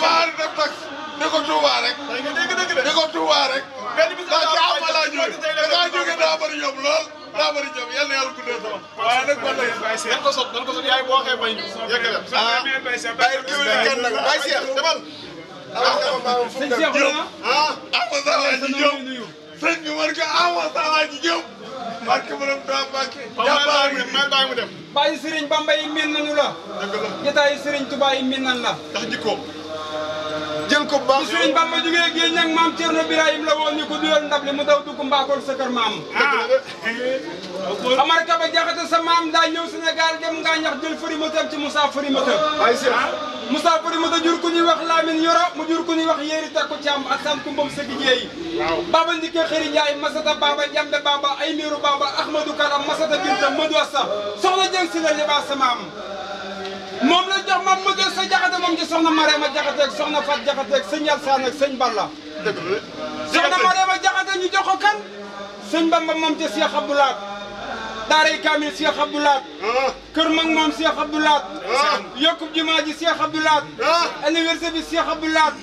damaa def tax ne ko Touba rek. ne ko Touba rek. benn bis la laa jógee da ngaa jógee daa bëri ñoom lool daa bëri ñoom yal na yàlla guddee sama. waaye nag man de nan ko sot nan ko sot yaay boo waxee bay ñu. yëkkale ah bàyyi kii wala kenn nag bàyyi Cheikh demal. ah Amadou Diop sëñ bi war nga Amadou Alaaji Diop. barke borom daa barke. jàmbaar gi may bàyyi mu dem. bàyyi Serigne Bamba yi miin nañu la. dëgg la jotaayu Serigne Touba yi miin nañ la. ndax jikkoom. ko bu baax. bi Sëriñ Bamba jógee géej nag maam Thierno Birahim la woon ñu ko duyal ndab li mu daw dugg mbaakool sa kër maam. Ah. Amar Kaba Jaxate sa maam daa ñëw Sénégal dem ngaa ñax jël fëri mëtëm ci Moussa fëri mëtëm. Ah. ay Cheikh. Ah. Moussa fëri mëtëm jur ku ñuy wax Lamine Yoro mu jur ku ñuy wax Yéeri Takku Caam a Sam Kumbam Sëgi Jéey. waaw Baba Ndike Xëri Njaay Masata Baba Jambe Baba Aymiru Baba Ahmadou Karam Masata Binta Madou Assa soxna jëng si la libaas sa maam moom la jox maam ma jël sa jaxate moom ci soxna Marema jaxate ak soxna Fat jaxate ak sëñ Alsaan ak sëñ Balla. dëgg la soxna Marema jaxate ñu jox ko kan. sëñ Bamba moom ca Cheikh Abdou Lahad. Daaray Kamil Cheikh Abdou Lahad. Ah. Kër Mag moom Cheikh Abdou Lahad. Ah. yokkub jumaa ji Cheikh Abdou Lahad. université ah. bi Cheikh Abdou Lahad.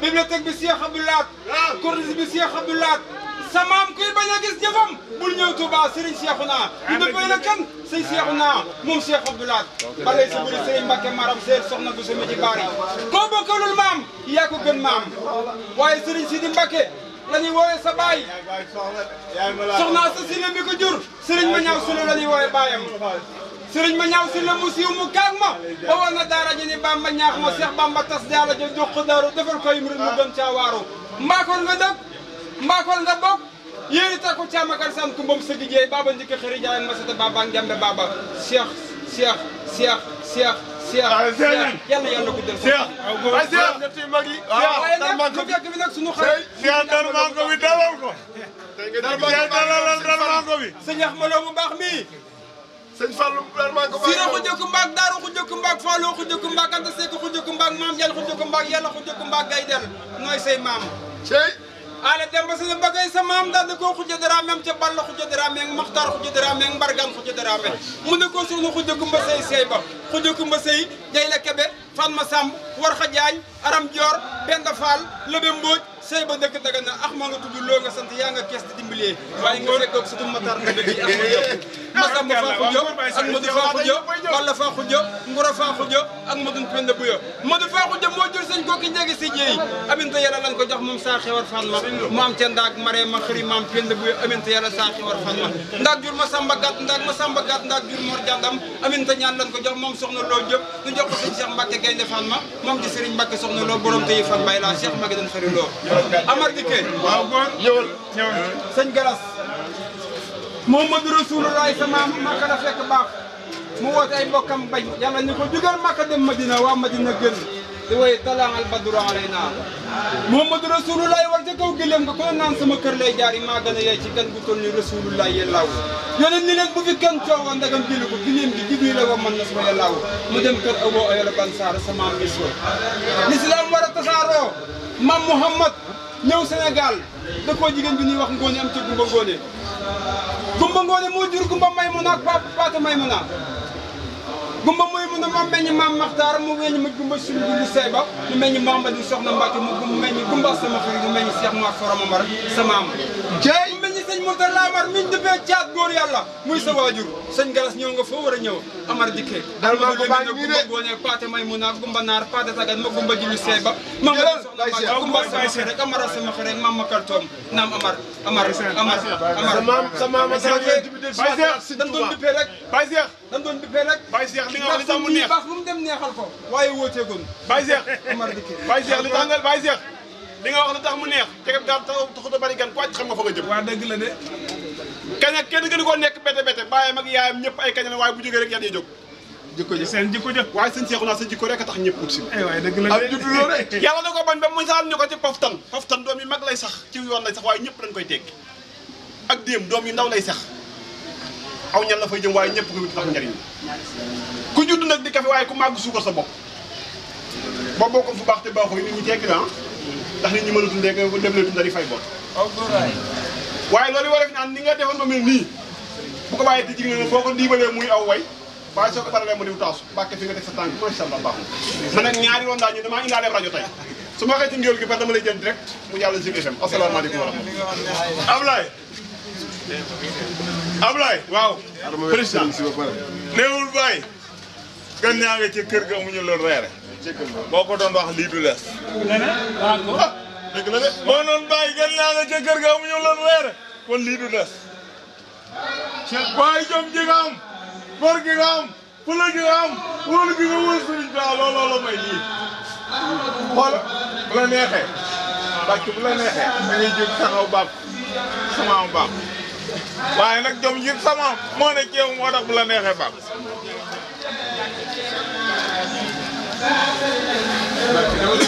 bibliothèque bi Cheikh Abdou Lahad. corniche bi Cheikh Abdou Lahad. sa maam kuy bañ a gis jëfam. bul ñëw Touba Serigne Cheikhouna ñu dëppee la kan sëñ Cheikhouna moom Cheikh Abdou Lahad balay sa buri Serigne Mbacké maram seer soxna bu sama ji baari koo bokkalul maam yaa ko gën maam waaye Serigne Sidi Mbacké la ñuy woowe sa baay soxna sa sina bi ko jur Serigne ma ñaaw solo la ñuy woowe baayam sëriñ ma ñaaw si la mu siiw mu kaag ma ba war na daara ji ni bamba ñaax ma seex bamba tas daala jo jox ko daaru defal koy murid mu gën caa waaru mbaakoon nga dëkk mbaakoon nga bokk yéeni tako caamakar san kumbam sëggi jeey baba njëkk xëri jaayan masata baba njambe baba cheikh cheikh cheikh cheikh cheikh yàlla yàlla ko jël cheikh ñetti mag yi waaye nag ñu fekk fi nag suñu xarit cheikh darmanko bi dalal ko cheikh dalal darmanko bi sëñ Axmadou bu baax mi sëñ Fallou darmanko sira xu jëkk mbaag daaru xu jëkk mbaag Fallou xu jëkk mbaag Anta Seck xu jëkk mbaag maam yàlla xu jëkk mbaag yàlla xu jëkk mbaag gay del nooy say maam ale demba sene mbagay sa maam daal di ko xujja dara meem ca balla xujja dara meeng maxtar xujja dara meeng mbargam mu ne ko soxna xujja kumba sëy sëy ba xujja kumba sëy day la kebe fan ma sàmb war xa jaañ aram joor benda fall lebe mbóoj sëy ba dëkk daga na ax maa nga tudd nga sant yaa nga kees di dimbalee waaye nga fekkoog sutu matar nga dëgg yi ak ma yëpp Masamba Faa Xujja ak Modou Faa Xujja Balla Faa Xujja Ngura Faa Xujja ak Modou Penda Buya Modou Faa Xujja moo jur sëñ kooki njegi si jeey aminta yàlla lan ko jox moom saa xewar fan ma mu am ca ndaag mare ma xëri maam Penda Buya aminta yàlla saa xewar fan ma ndaag jur Masamba gàtt ndaag Masamba jur Mor Jàndam aminta ñaan lan ko jox moom soxna loo jëpp ñu jox ko sëñ Cheikh Mbacke Gaynde fan ma moom ci Serigne Mbacke soxna loo borom tey fan bay la Cheikh Mbacke Muhammadu Rasulullah sa maam Makka la fekk baax mu woote ay mbokkam bañ yàlla ni ko jugal ma dem Madina waa Madina gën di woy talaaxal badru alayna Muhammadu Rasulullah war ca kaw gëléem nga ko naan sama kër lay jaar yi maa gën a yey ci gan gu toll ni Rasulullah yellaaw yoneen ni leen bu fi kenn coowa ndagam jëli ko gëléem gi Jibril la wax man na sama yellaaw mu dem kër Abu Ayyub Ansaar sa maam Miswa lislaam war a ma maam Muhammad ñëw Sénégal dëkkoo jigéen bi ñuy wax ngóone am ci gumba ngóone gumba ngóone moo jur gumba may mu naak pap paata may mu naa gumba mooy mu na ma meññ maam maxtaar mu weñ ma gumba suñu gumba say ba mu meññ Mamadu soxna Mbàkke mu gumba meññ gumba sama xarit mu meññ Seex Mor Fora Mamar sa maam ci Amar miñ defee caat góor yàlla muy sa waajur sëñ Galas ñëw nga foo war a Amar dikkee alhamdulilah ñu Gumba Naar Seeba ma ma Gumba sama xere rek Amar sama xere rek maam ma kartoom naam Amar Amar Amar Amar sa sa seex dañ doon dippee rek Baye Seex dañ doon dippee rek Baye Seex li nga wax li tax mu neex baax lu mu dem li nga wax la tax mu neex ceeb daal taxut a bari gan ku wàcc xam nga fa nga jëm. waaw dëgg la de. kañ ak kenn gënu koo nekk bete bete bàyyam ak yaayam ñëpp ay kañ la waaye bu rek yan yi jóg. jikko jëf seen jikko jëf waaye sëñ Seexu naa a tax ñëpp ut si lay sax yoon lay sax waaye ñëpp dañ koy tekki ak déem doom yi ndaw lay sax aw ñan la fay jëm waaye ñëpp koy wut tax njariñ ku judd nag di kafe waaye ku mag suukar sa bopp boo bokkoon fu baax te baaxoo yi nit ñi tekki naa ah. ndax ni ñi mënu dundee ko dem leen dundali fay bor waay loolu war ñaan ni nga defoon ba mel ni bu ko baye di jigéen foko ko diibalee muy aw way ba so ko baralee mu di taasu bàkke fi nga teg sa ma sha allah baax man ak ñaari won dañu dama damaa indaale radio tay su ma waxee gi par dama lay jël direct mu yalla ci FM asalaamaaleykum wa rahmatulah. Ablaye Ablaye waaw. président néewul bàyyi gan ñaa ci kër ga amuñu loolu reere boo ko doon wax lii du leer. Ah, dëgg la de boo doon bàyyi gën naa la weer kon lii du des. waaye ji nga bor gi nga am gi nga am gi nga wóor sëriñ bi looloo bu la neexee bàcc bu la neexee da ngay jóg taxaw baab sama baab nag jom ji sama moo ne moo tax bu la neexee baab. Obrigado.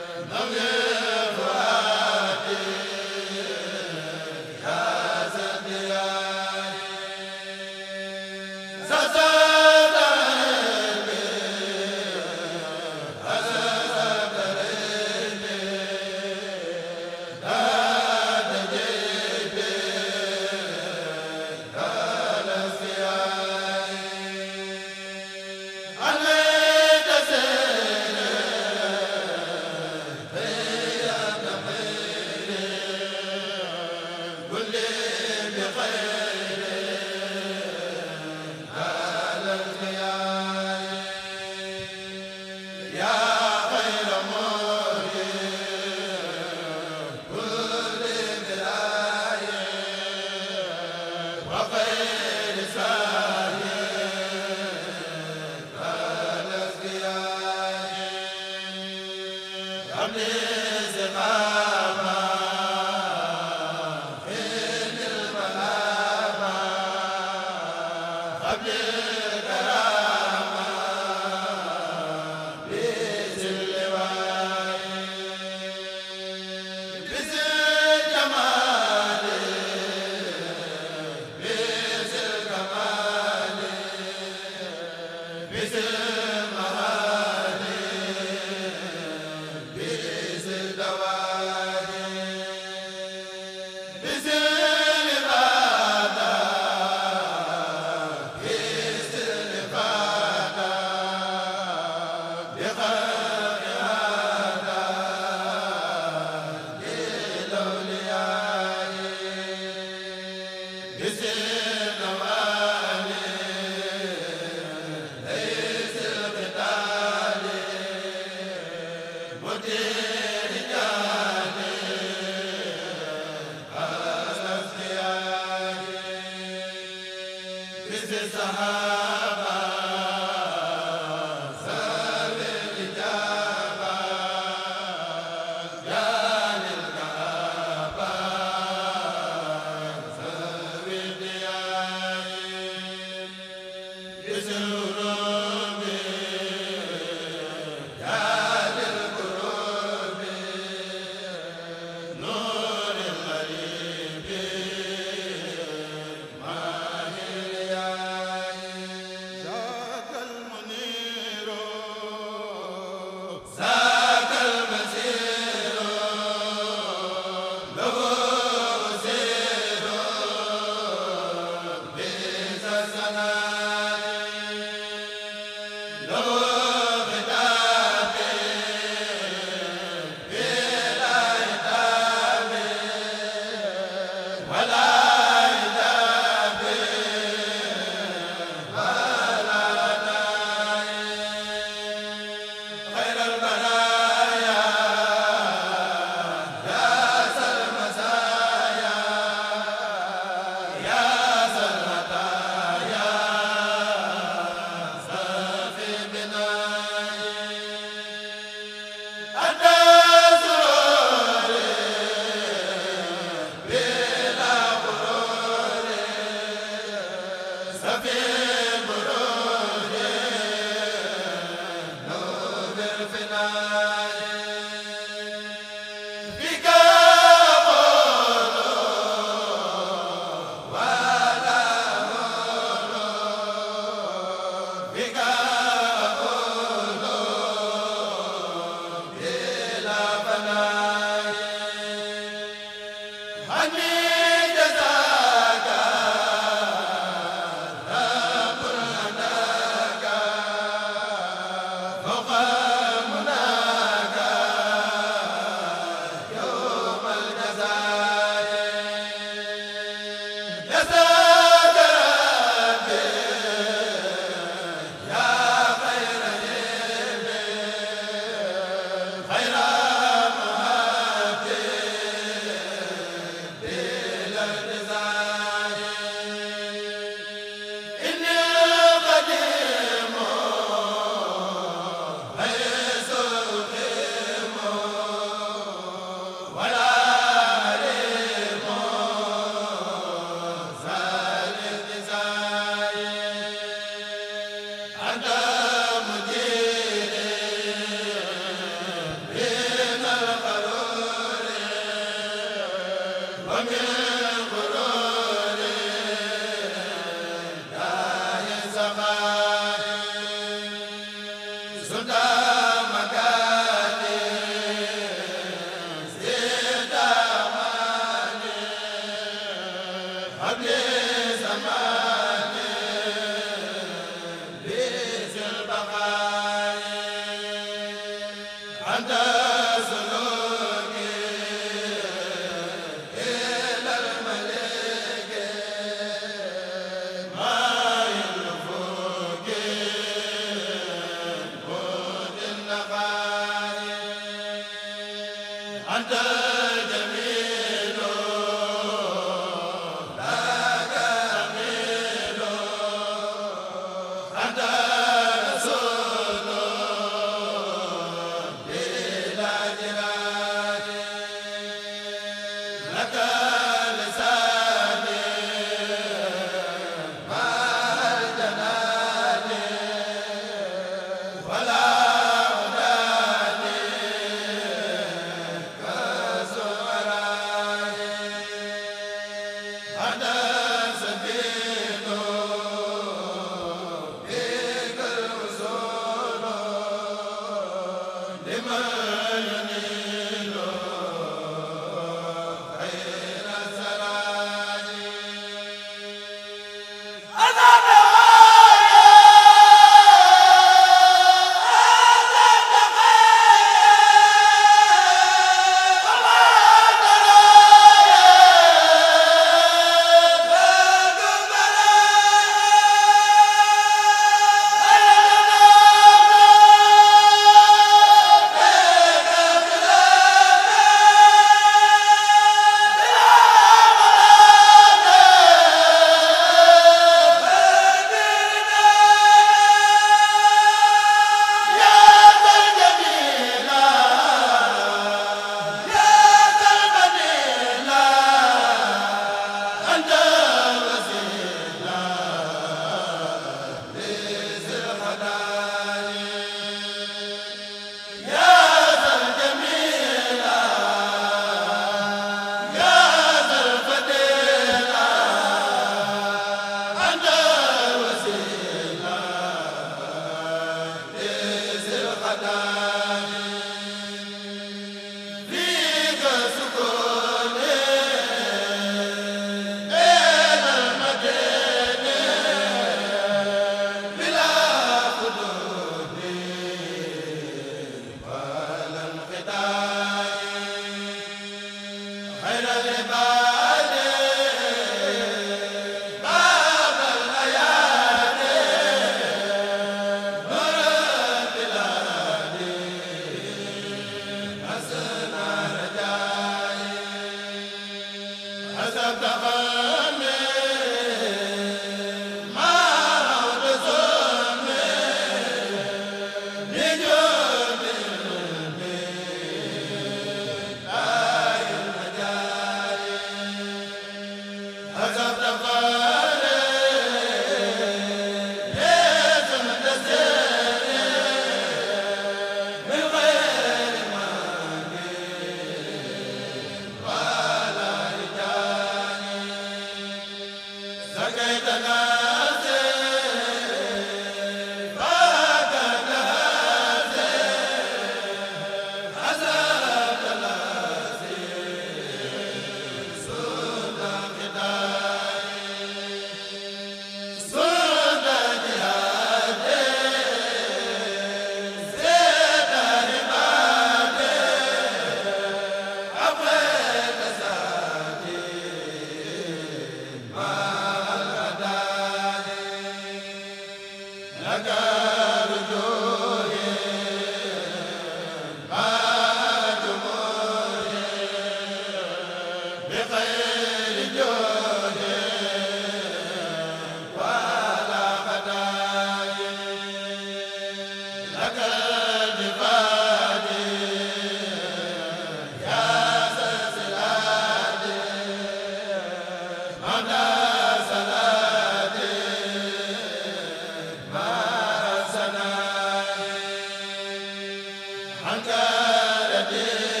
Hallelujah.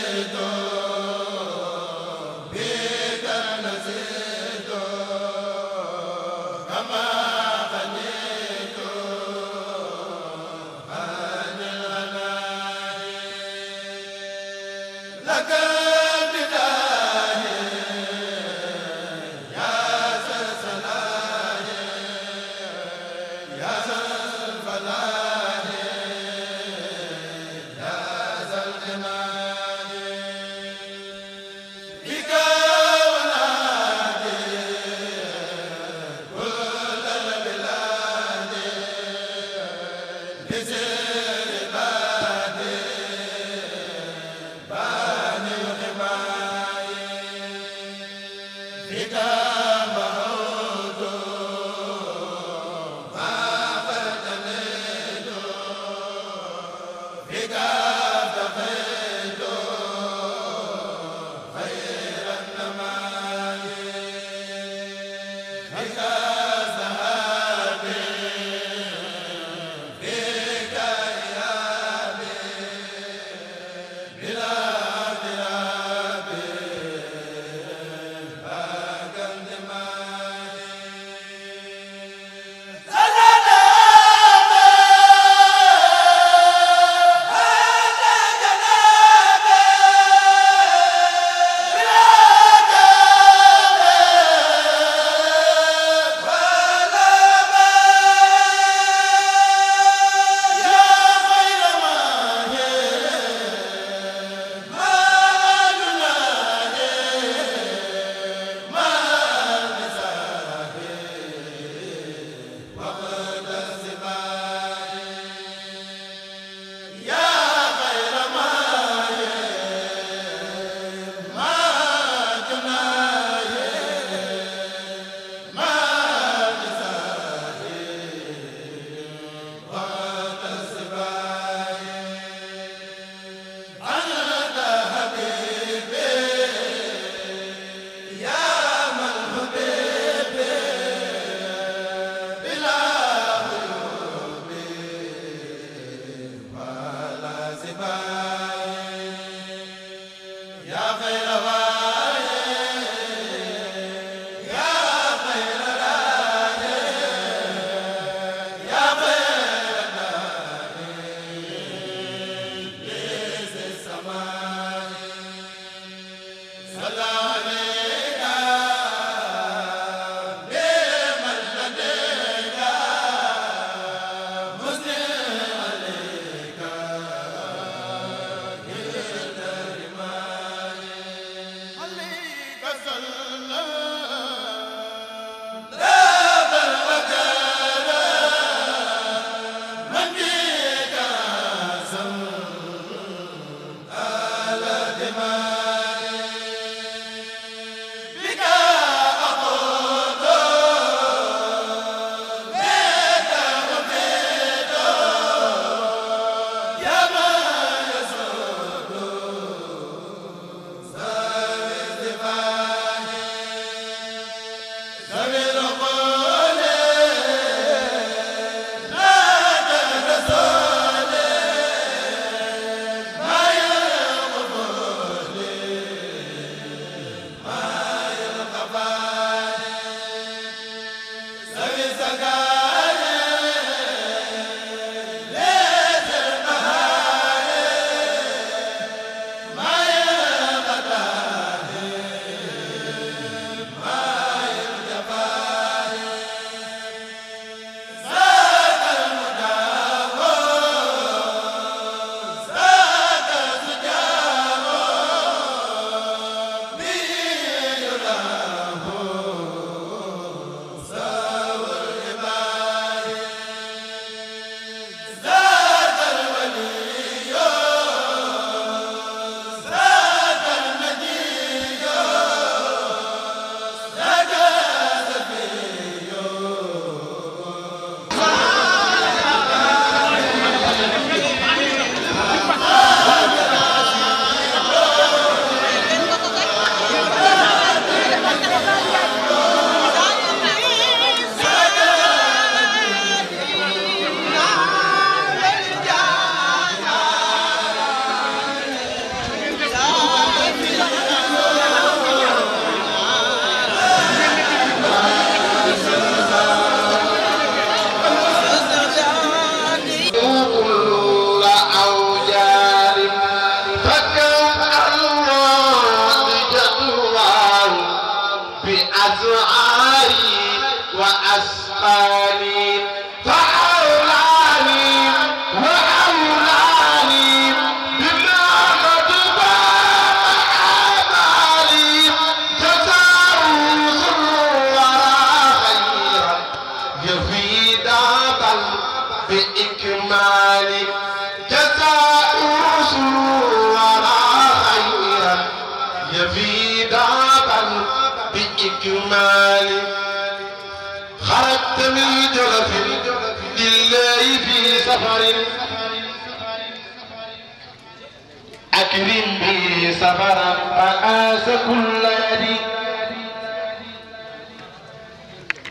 أكرم به سفرا فآس كل يدي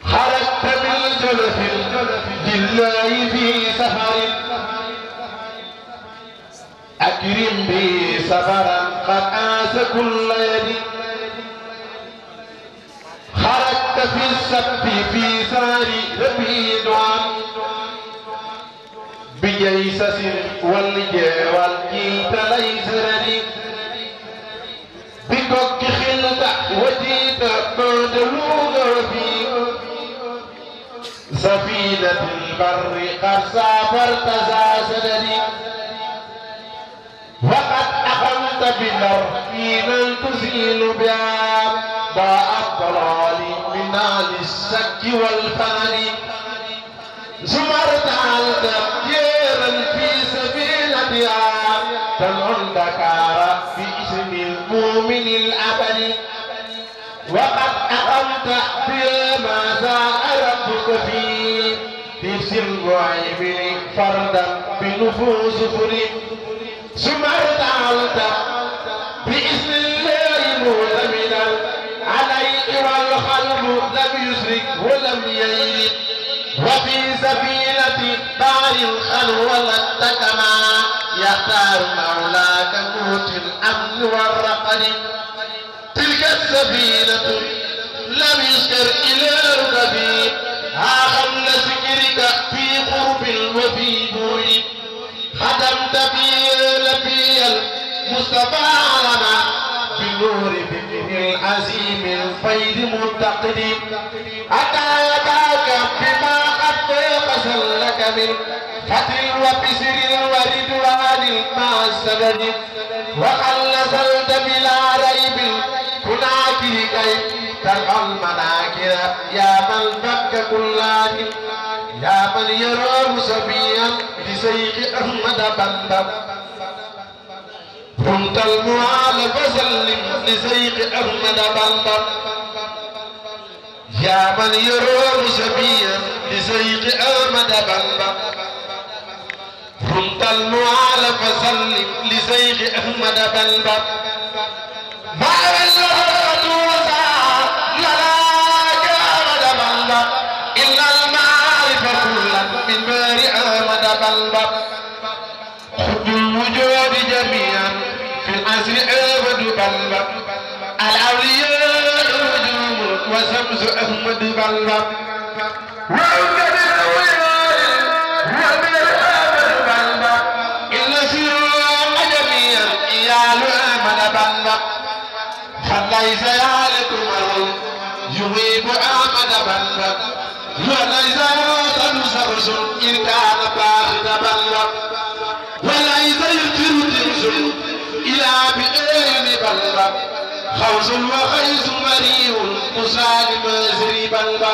خرجت بالجلف لله في سفر أكرم به سفرا فآس كل يدي خرجت في السبت في ساري ربي دعاء ييسس والجوال جيت ليسرني بكك خلدة وجيت مدلوغ في سفينة البر قد سافرت ساسدني وقد أخذت بنرقينا تزيل بها باء الضلال من آل السك والفنن زمرت على الدبجين سمع بكار باسم المؤمن الأبدي وقد أقمت بما سأل ربك فيه في سر الغائب فردا بنفوس فريد ثم ارتعلت باسم الله مؤمنا عليه والخلق لم يشرك ولم يلد وفي سبيلة دار الخلوة والتكمال يختار مولاك قوت الأمن والرقد تلك السفينة لم يذكر الى في ها قبل ذكرك في قرب وفي بوي ختمت في نبي المصطفى علما بنور فكر العزيم الفيض متقد أتى يداك بما قد فيقظ لك من فتر وبسر الورد مع السبب وقد نزلت بلا ريب هناك كي ترعى المناكر يا من فك كل يا من يراه سبيا لسيخ أحمد بندم كنت المعال فسلم لسيخ أحمد بندم يا من يراه سبيا لسيخ أحمد بندم حمد المعال فسلم لسيد أحمد بلبل ما بلغت وزاد للاك أحمد بلبل إلا المعارف كلا من مار أحمد بلبل خد الوجود جميعا في العصر أحمد بلبل الأولياء وجود وشمس أحمد بلبل وأولياء ليس يعرف من يغيب أحمد بل وليس يتنسى رسل إن كان باخد بل وليس يجر تنسل إلى بئين بل خوز وخيز مريء مسالم أزري بل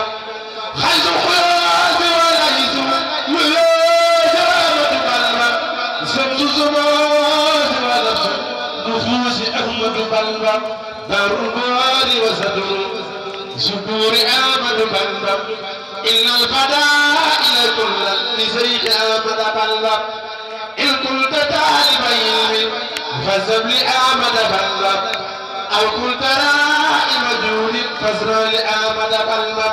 خيز خير دار المال وسدر سكور آمد بندم إن الفدائل كل لزيك آمد بندم إن كنت طالب علم فزب لآمد بندم أو كنت رائم جود فزر لآمد بندم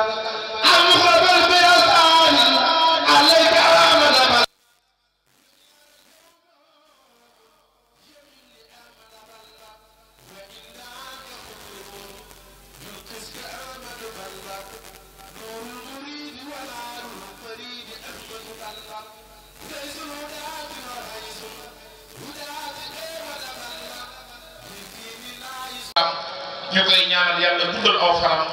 ñu koy ñaanal yàlla guddal aw faram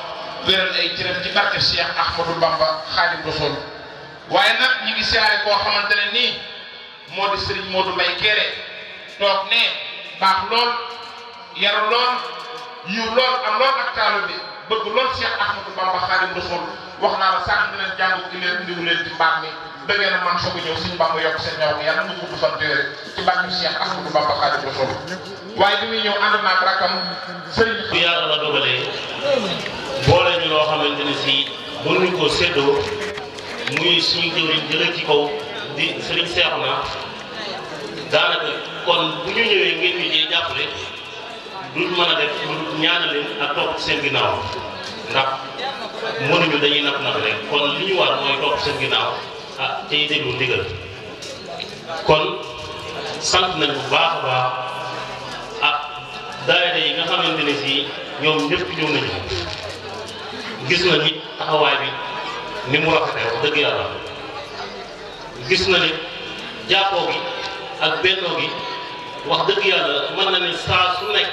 wéral ay cëram ci barke Cheikh Ahmadou Bamba Xaadimu Rasuul waaye nag ñi ngi koo xamante ne nii moo di Serigne Modou Mbaye Kéré toog ne baax lool yaru lool yiw lool am lool ak taalu bi bëgg lool Cheikh Ahmadou Bamba Xaadimu Rasuul wax naa la sànq dinañ jàng di leen indiwu leen ci déwénu man a ñëw suñu seen bi muy ñëw ànd naa loo xamante ne si mënuñ ko séddoo suñu jëwriñ jëlee ci kaw di kon bu ñu ñëwee ngeen ñu jee jàppale duñ mën a def lu ak topp seen ginnaaw ndax mënuñu dañuy napp napp rek kon li ñu war mooy topp seen ginnaaw. ah tey déglu ndigal kon sant nañ bu baax a baax ah daayira yi nga xamante ne si ñoom ñëpp ñëw nañu gis na nit taxawaay bi ni mu rafetee wax dëgg yàlla gis na nit jàppoo gi ak bennoo gi wax dëgg yàlla mën na ni saa su nekk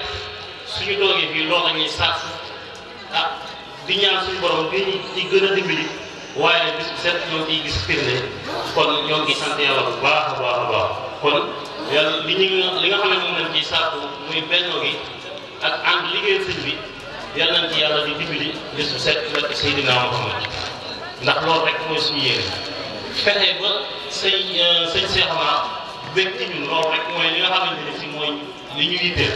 suñu toogee fii loolu ñuy sax ah di ñaan suñu borom bi ñu gën a dimbali waaye bis bu set ñoo gis firnde kon ñoo ngi sant yàlla bu baax a baax a baax kon yàlla li ñu li nga xam ne moom lañ ciy sàkku muy benn gi ak ànd liggéey sëñ bi yal nañ ci yàlla di dimbali bis bu set ba ci Seydina Muhammad ndax loolu rek mooy suñu euh, li ñu yitteel.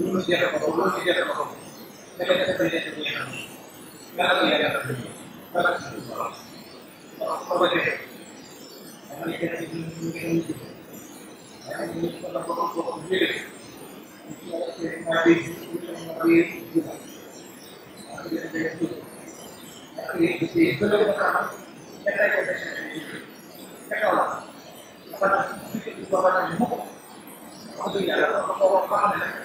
dulu tiga ratus dulu tiga ratus saya kata saya tidak punya kami nggak ada yang ada bahkan yang terjadi orang orang itu karena ini kita ini mungkin itu karena ini kita fokus fokus sendiri kita mengabdi kita mengabdi juga tidak ada itu tapi di situ pertama kita ikut kita tolak apa itu bapak yang terjadi tidak ada apa-apa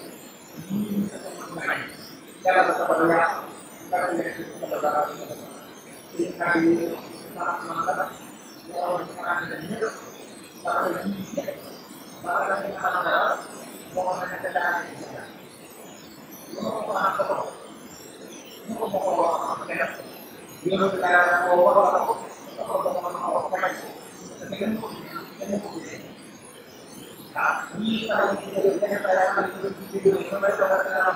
dalam kependengaran karena ini kependengaran ini karena ini sangat mengatakan bahwa sekarang ada hidup bahkan ada hidup bahkan ada hidup bahkan ada bahwa ada kendaraan di sana mau apa apa mau apa apa kenapa dia berbicara mau apa apa apa mau apa apa ketika itu Tapi kalau kita lihat pada hari ini, kita akan berbicara tentang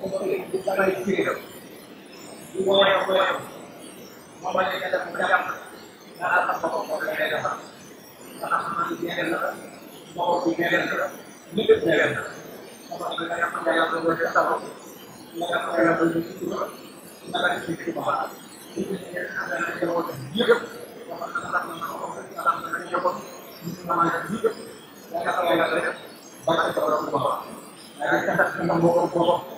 kubaikiro uwoya wewe mamalekata kudamu na hata kwa kuendelea na kama kuendelea na kuendelea ni kuendelea kama kuendelea kuendelea kuendelea sababu na kuendelea kuendelea na kuendelea kuendelea Thank you.